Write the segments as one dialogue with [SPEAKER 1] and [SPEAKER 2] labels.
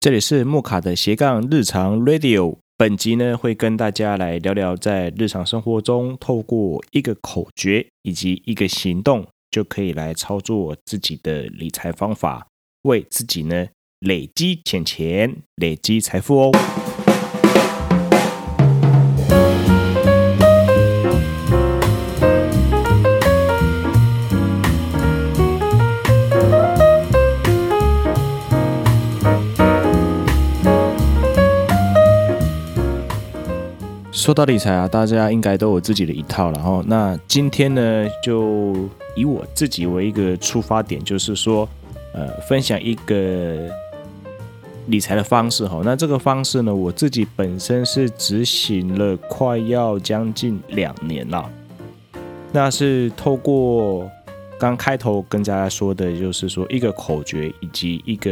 [SPEAKER 1] 這裡是木卡的斜槓日常 Radio，本集呢會跟大家來聊聊，在日常生活中，透過一個口訣以及一個行動，就可以來操作自己的理財方法，為自己呢累積錢錢，累積財富哦。說到理財啊，大家應該都有自己的一套，然後那今天呢，就以我自己為一個出發點，就是說，呃，分享一個理財的方式哈。那這個方式呢，我自己本身是執行了快要將近兩年了。那是透過剛開頭跟大家說的，就是說一個口訣以及一個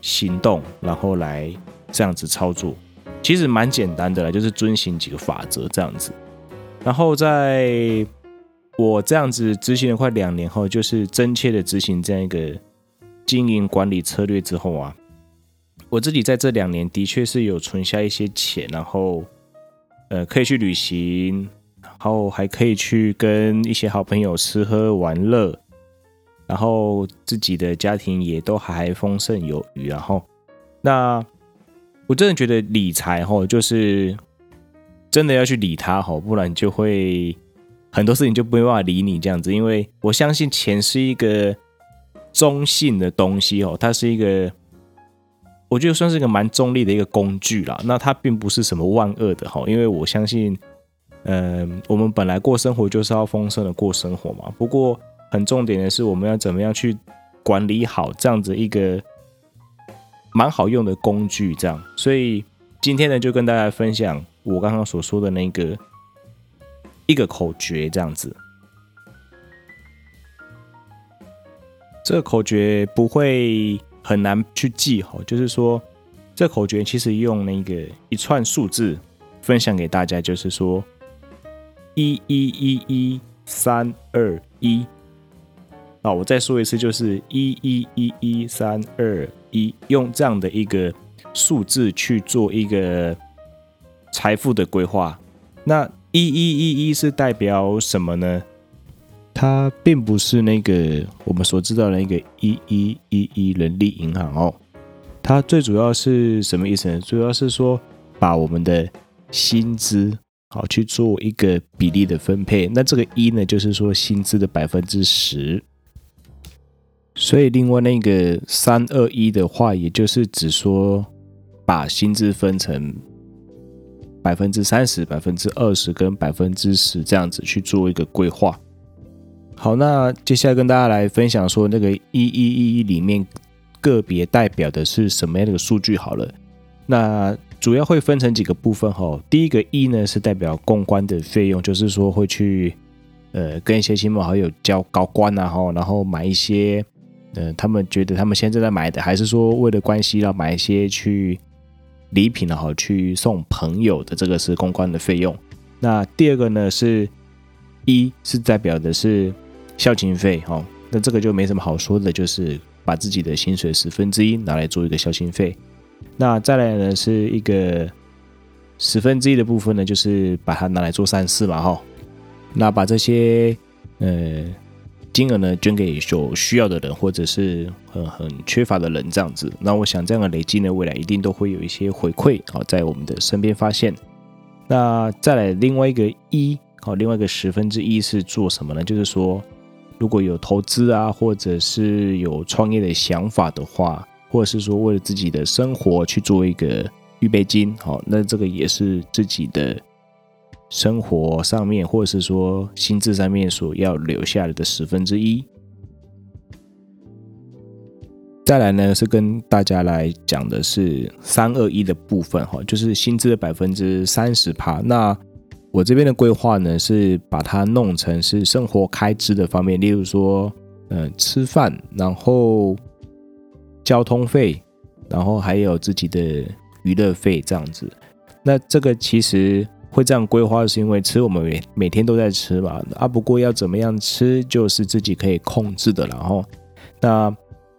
[SPEAKER 1] 行動，然後來這樣子操作。其實蠻簡單的啦，就是遵循幾個法則這樣子。然後在我這樣子執行了快兩年後，就是真切地執行這樣一個經營管理策略之後啊，我自己在這兩年的確是有存下一些錢，然後呃可以去旅行，然後還可以去跟一些好朋友吃喝玩樂，然後自己的家庭也都還豐盛有餘，然後那。我真的覺得理財吼，就是真的要去理它吼，不然就會很多事情就沒辦法理你這樣子。因為我相信錢是一個中性的東西哦，它是一個我覺得算是一個蠻中立的一個工具啦。那它並不是什麼萬惡的吼，因為我相信，嗯、呃，我們本來過生活就是要豐盛的過生活嘛。不過很重點的是，我們要怎麼樣去管理好這樣子一個。蠻好用的工具，這樣，所以今天呢，就跟大家分享我剛剛所說的那個一個口訣，這樣子。這個口訣不會很難去記，哈，就是說，這口訣其實用那個一串數字分享給大家，就是說，一一一一三二一。啊，我再說一次，就是一一一一三二。一用這樣的一個數字，去做一個財富的規劃。那一一一一是代表什麼呢？它並不是那個我們所知道的那個一一一一人力銀行哦，它最主要是什麼意思呢？主要是說，把我們的薪資好去做一個比例的分配，那這個一呢，就是說薪資的百分之十。所以另外那個三二一的話，也就是指說把薪資分成百分之三十、百分之二十跟百分之十這樣子去做一個規劃。好，那接下來跟大家來分享說那個一一一一裡面個別代表的是什麼樣的數據好了。那主要會分成幾個部分哈，第一個一呢是代表公關的費用，就是說會去呃跟一些親朋好友交高官啊哈，然後買一些。呃、他們覺得他們現在在買的，還是說為了關係要買一些去禮品，然後去送朋友的，這個是公關的費用。那第二個呢是，一是代表的是孝親費哈、哦，那這個就沒什麼好說的，就是把自己的薪水十分之一拿來做一個孝親費。那再來呢是一個十分之一的部分呢，就是把它拿來做善事嘛哈、哦。那把這些呃。金額呢，捐給有需要的人，或者是很很缺乏的人，這樣子。那我想，這樣的累積呢，未來一定都會有一些回饋，好，在我們的身邊發現。那再來另外一個一，好，另外一個十分之一是做什麼呢？就是說，如果有投資啊，或者是有創業的想法的話，或者是說為了自己的生活去做一個預備金，好，那這個也是自己的。生活上面，或者是說薪資上面所要留下來的十分之一。再來呢，是跟大家來講的是三二一的部分哈，就是薪資的百分之三十趴。那我這邊的規劃呢，是把它弄成是生活開支的方面，例如說，嗯、呃，吃飯，然後交通費，然後還有自己的娛樂費這樣子。那這個其實。會這樣規劃，是因為吃我們每每天都在吃嘛，啊，不過要怎麼樣吃，就是自己可以控制的。然後，那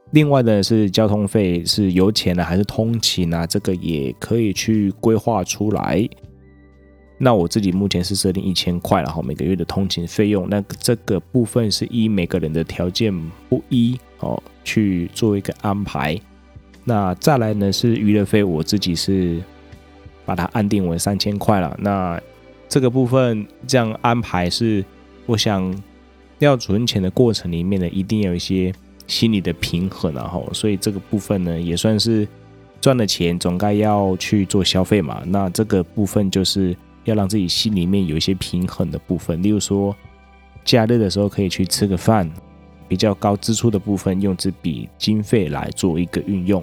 [SPEAKER 1] 另外呢是交通費，是油錢呢、啊、還是通勤呢？這個也可以去規劃出來。那我自己目前是設定一千塊，然後每個月的通勤費用。那這個部分是依每個人的條件不一哦，去做一個安排。那再來呢是娛樂費，我自己是。把它安定為三千塊了。那這個部分這樣安排是，我想要存錢的過程裡面呢，一定有一些心理的平衡，然後，所以這個部分呢，也算是賺了錢總該要去做消費嘛。那這個部分就是要讓自己心裡面有一些平衡的部分，例如說假日的時候可以去吃個飯，比較高支出的部分用這筆經費來做一個運用。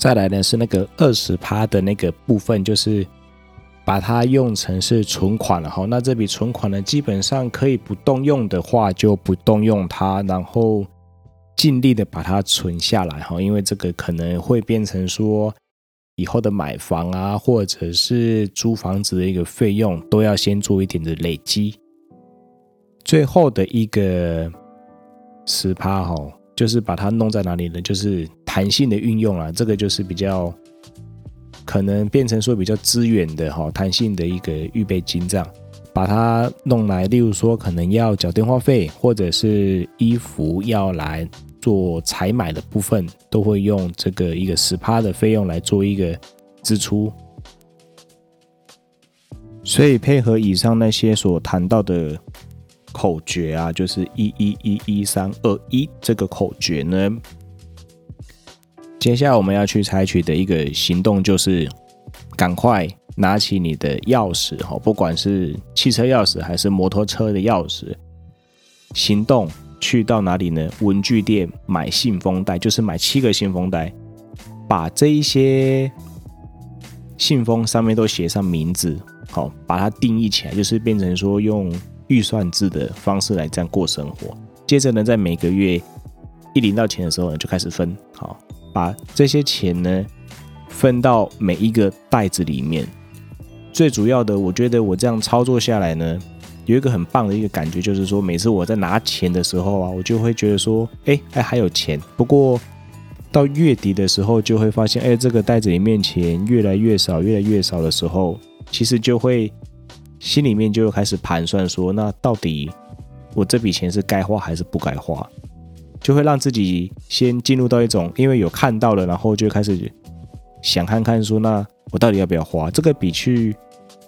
[SPEAKER 1] 再來呢是那個二十趴的那個部分，就是把它用成是存款了哈。那這筆存款呢，基本上可以不動用的話就不動用它，然後盡力的把它存下來哈。因為這個可能會變成說以後的買房啊，或者是租房子的一個費用，都要先做一點的累積。最後的一個10趴哈，就是把它弄在哪裡呢？就是。彈性的運用啊，這個就是比較可能變成說比較資源的哈、啊，彈性的一個預備金賬，把它弄來。例如說可能要繳電話費，或者是衣服要來做採買的部分，都會用這個一個十趴的費用來做一個支出。所以配合以上那些所談到的口訣啊，就是一一一一三二一這個口訣呢。接下來我們要去採取的一個行動就是，趕快拿起你的鑰匙，吼，不管是汽車鑰匙還是摩托車的鑰匙。行動去到哪裡呢？文具店買信封袋，就是買七個信封袋，把這一些信封上面都寫上名字，好，把它定義起來，就是變成說用預算制的方式來這樣過生活。接着呢，在每個月一領到錢的時候呢，就開始分，好。把這些錢呢分到每一個袋子裡面。最主要的，我覺得我這樣操作下來呢，有一個很棒的一個感覺，就是說每次我在拿錢的時候啊，我就會覺得說，哎、欸、哎、欸、還有錢。不過到月底的時候就會發現，哎、欸、這個袋子裡面錢越來越少，越來越少的時候，其實就會心裡面就開始盤算說，那到底我這筆錢是該花還是不該花？就會讓自己先進入到一種，因為有看到了，然後就開始想看看說，那我到底要不要花？這個比去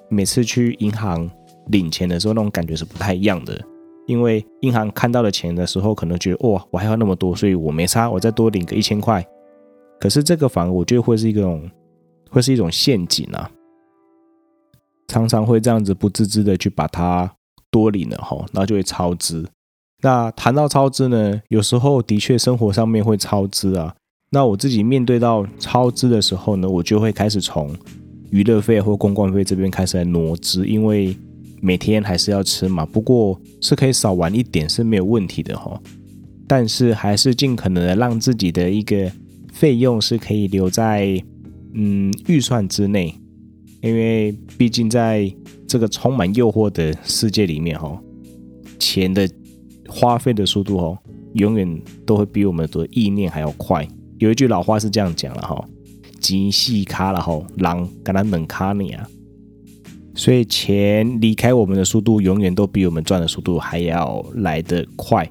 [SPEAKER 1] 每次去銀行領錢的時候那種感覺是不太一樣的。因為銀行看到的錢的時候，可能覺得哇，我還要那麼多，所以我沒差，我再多領個一千塊。可是這個反而我覺得會是一種，會是一種陷阱啊，常常會這樣子不自知的去把它多領了哈，然後就會超支。那談到超支呢，有時候的確生活上面會超支啊。那我自己面對到超支的時候呢，我就會開始從娛樂費或公關費這邊開始來挪支，因為每天還是要吃嘛。不過是可以少玩一點是沒有問題的哦。但是還是盡可能的讓自己的一個費用是可以留在嗯預算之內，因為畢竟在這個充滿誘惑的世界裡面哦，錢的。花費的速度哦，永遠都會比我們的意念還要快。有一句老話是這樣講的哈：“錢細卡了狼跟他猛卡你啊。”所以錢離開我們的速度永遠都比我們賺的速度還要來得快。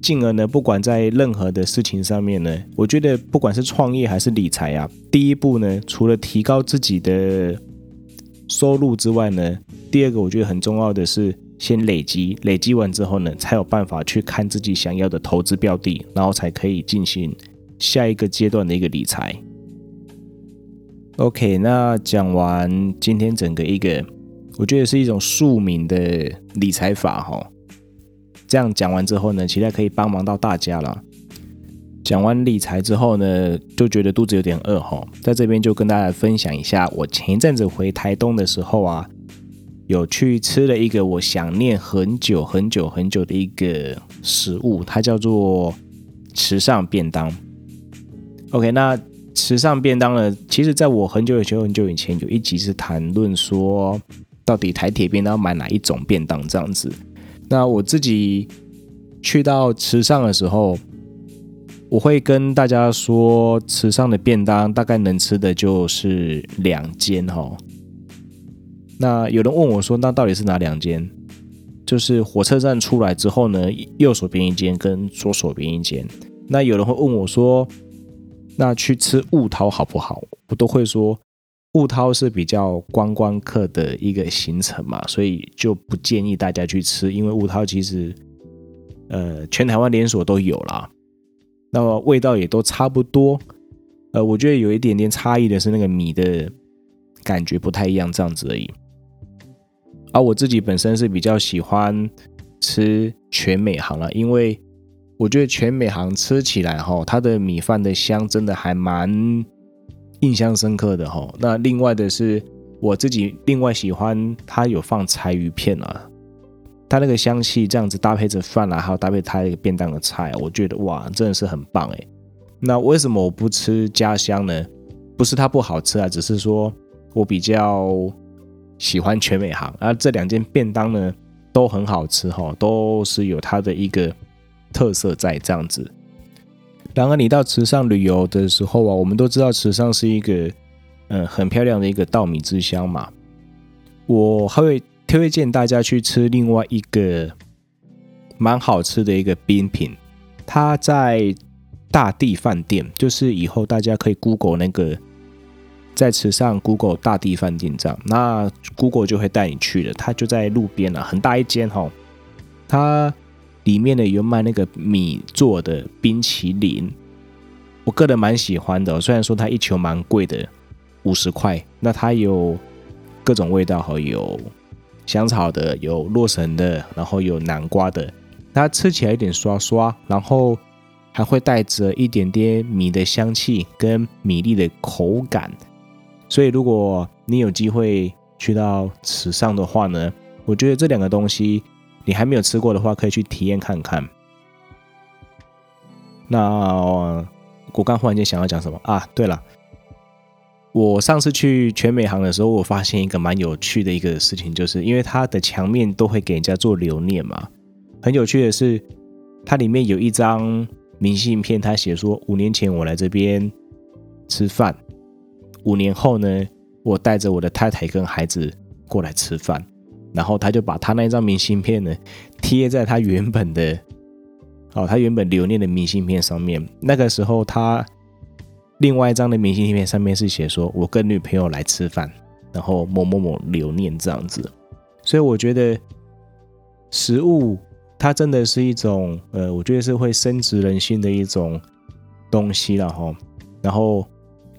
[SPEAKER 1] 進而呢，不管在任何的事情上面呢，我覺得不管是創業還是理財啊，第一步呢，除了提高自己的收入之外呢，第二個我覺得很重要的是。先累積，累積完之後呢，才有辦法去看自己想要的投資標的，然後才可以進行下一個階段的一個理財。OK，那講完今天整個一個，我覺得是一種庶民的理財法吼。這樣講完之後呢，期待可以幫忙到大家啦。講完理財之後呢，就覺得肚子有點餓吼，在這邊就跟大家分享一下，我前一陣子回台東的時候啊。有去吃了一個我想念很久很久很久的一個食物，它叫做池上便當。OK，那池上便當呢？其實在我很久很久很久以前有一集是談論說，到底台鐵便當買哪一種便當這樣子。那我自己去到池上的時候，我會跟大家說，池上的便當大概能吃的就是兩間哦。那有人問我說：“那到底是哪兩間？就是火車站出來之後呢，右手邊一間跟左手邊一間。”那有人會問我說：“那去吃悟饕好不好？”我都會說：“悟饕是比較觀光客的一個行程嘛，所以就不建議大家去吃，因為悟饕其實，呃，全台灣連鎖都有啦，那麼味道也都差不多。呃，我覺得有一點點差異的是那個米的感覺不太一樣，這樣子而已。”而、啊、我自己本身是比較喜歡吃全美行啦，因為我覺得全美行吃起來哈，它的米飯的香真的還蠻印象深刻的哈。那另外的是我自己另外喜歡它有放柴魚片啊，它那個香氣這樣子搭配着飯啊，還有搭配它那個便當的菜，我覺得哇，真的是很棒哎、欸。那為什麼我不吃家鄉呢？不是它不好吃啊，只是說我比較。喜歡全美行，啊，這兩件便當呢，都很好吃哈，都是有它的一個特色在這樣子。然而，你到池上旅遊的時候啊，我們都知道池上是一個嗯、呃、很漂亮的一個稻米之鄉嘛。我還會推薦大家去吃另外一個蠻好吃的一個冰品，它在大地飯店，就是以後大家可以 Google 那個。在池上，Google 大地飯店站，那 Google 就會帶你去的。它就在路邊了，啊，很大一間哦，它裡面的有賣那個米做的冰淇淋，我個人蠻喜歡的，哦。雖然說它一球蠻貴的，五十塊。那它有各種味道，哦，吼，有香草的，有洛神的，然後有南瓜的。它吃起來有點刷刷，然後還會帶着一點點米的香氣跟米粒的口感。所以，如果你有機會去到池上的話呢，我覺得這兩個東西你還沒有吃過的話，可以去體驗看看。那我剛忽然間想要講什麼啊？對了，我上次去全美行的時候，我發現一個蠻有趣的一個事情，就是因為它的牆面都會給人家做留念嘛。很有趣的是，它裡面有一張明信片，他寫說，五年前我來這邊吃飯。五年後呢，我帶着我的太太跟孩子過來吃飯，然後他就把他那張明信片呢貼在他原本的，哦，他原本留念的明信片上面。那個時候他另外一張的明信片上面是寫說“我跟女朋友來吃飯”，然後某某某留念這樣子。所以我覺得食物它真的是一種，呃，我覺得是會深植人心的一種東西了哈，然後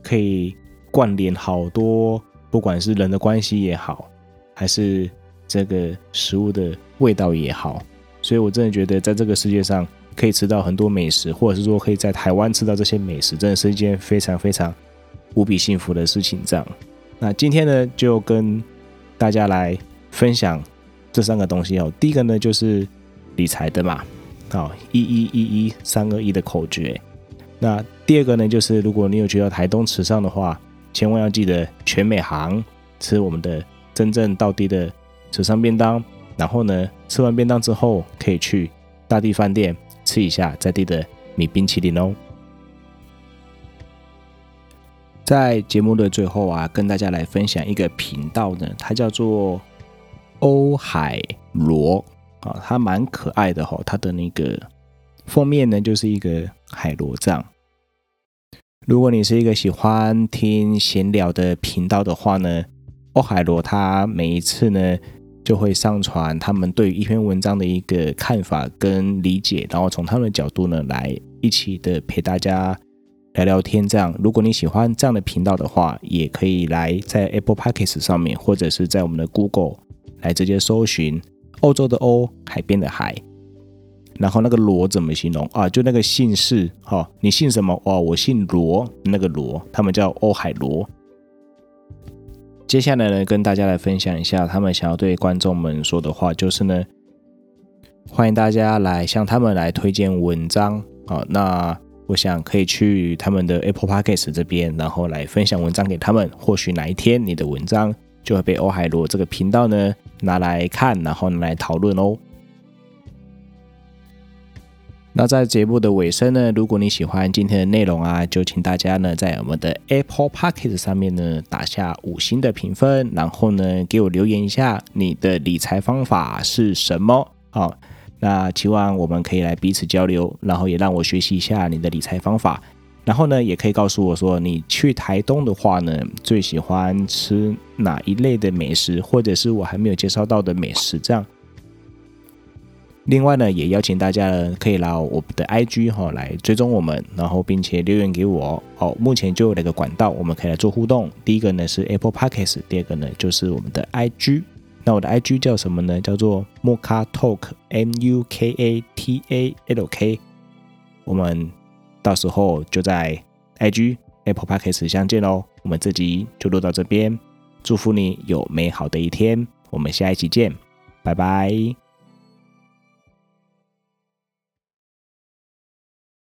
[SPEAKER 1] 可以。關聯好多，不管是人的關係也好，還是這個食物的味道也好，所以我真的覺得，在這個世界上可以吃到很多美食，或者是說可以在台灣吃到這些美食，真的是一件非常非常無比幸福的事情。這樣，那今天呢，就跟大家來分享這三個東西哦。第一個呢，就是理財的嘛，好，一一一一三二一的口訣。那第二個呢，就是如果你有去到台東池上的話。千萬要記得全美行吃我們的真正道地的池上便當，然後呢，吃完便當之後可以去大地飯店吃一下在地的米冰淇淋哦。在節目的最後啊，跟大家來分享一個頻道呢，它叫做歐海螺啊，它蠻可愛的哈、哦，它的那個封面呢就是一個海螺這樣。如果你是一個喜歡聽閒聊的頻道的話呢，歐海螺他每一次呢就會上傳他們對於一篇文章的一個看法跟理解，然後從他們的角度呢來一起的陪大家聊聊天。這樣，如果你喜歡這樣的頻道的話，也可以來在 Apple Podcast 上面，或者是在我們的 Google 來直接搜尋歐洲的歐，海邊的海。然後那個羅怎麼形容啊？就那個姓氏，哈、哦，你姓什麼？哦，我姓羅，那個羅，他們叫歐海羅。接下來呢，跟大家來分享一下他們想要對觀眾們說的話，就是呢，歡迎大家來向他們來推薦文章啊、哦。那我想可以去他們的 Apple Podcast 這邊，然後來分享文章給他們。或許哪一天你的文章就會被歐海羅這個頻道呢拿來看，然後來討論哦。那在節目的尾聲呢，如果你喜歡今天的內容啊，就請大家呢在我們的 Apple Podcast 上面呢打下五星的評分，然後呢給我留言一下你的理財方法是什麼啊？哦，那希望我們可以來彼此交流，然後也讓我學習一下你的理財方法，然後呢也可以告訴我說你去台東的話呢最喜歡吃哪一類的美食，或者是我還沒有介紹到的美食這樣。另外呢，也邀請大家呢可以來我們的 IG 哈來追蹤我們，然後並且留言給我。好，目前就有兩個管道，我們可以來做互動。第一個呢是 Apple Podcasts，第二個呢就是我們的 IG。那我的 IG 叫什麼呢？叫做 Mukatalk M U K A T A L K。我們到時候就在 IG Apple Podcasts 相見嘍。我們這集就錄到這邊，祝福你有美好的一天。我們下一期見，拜拜。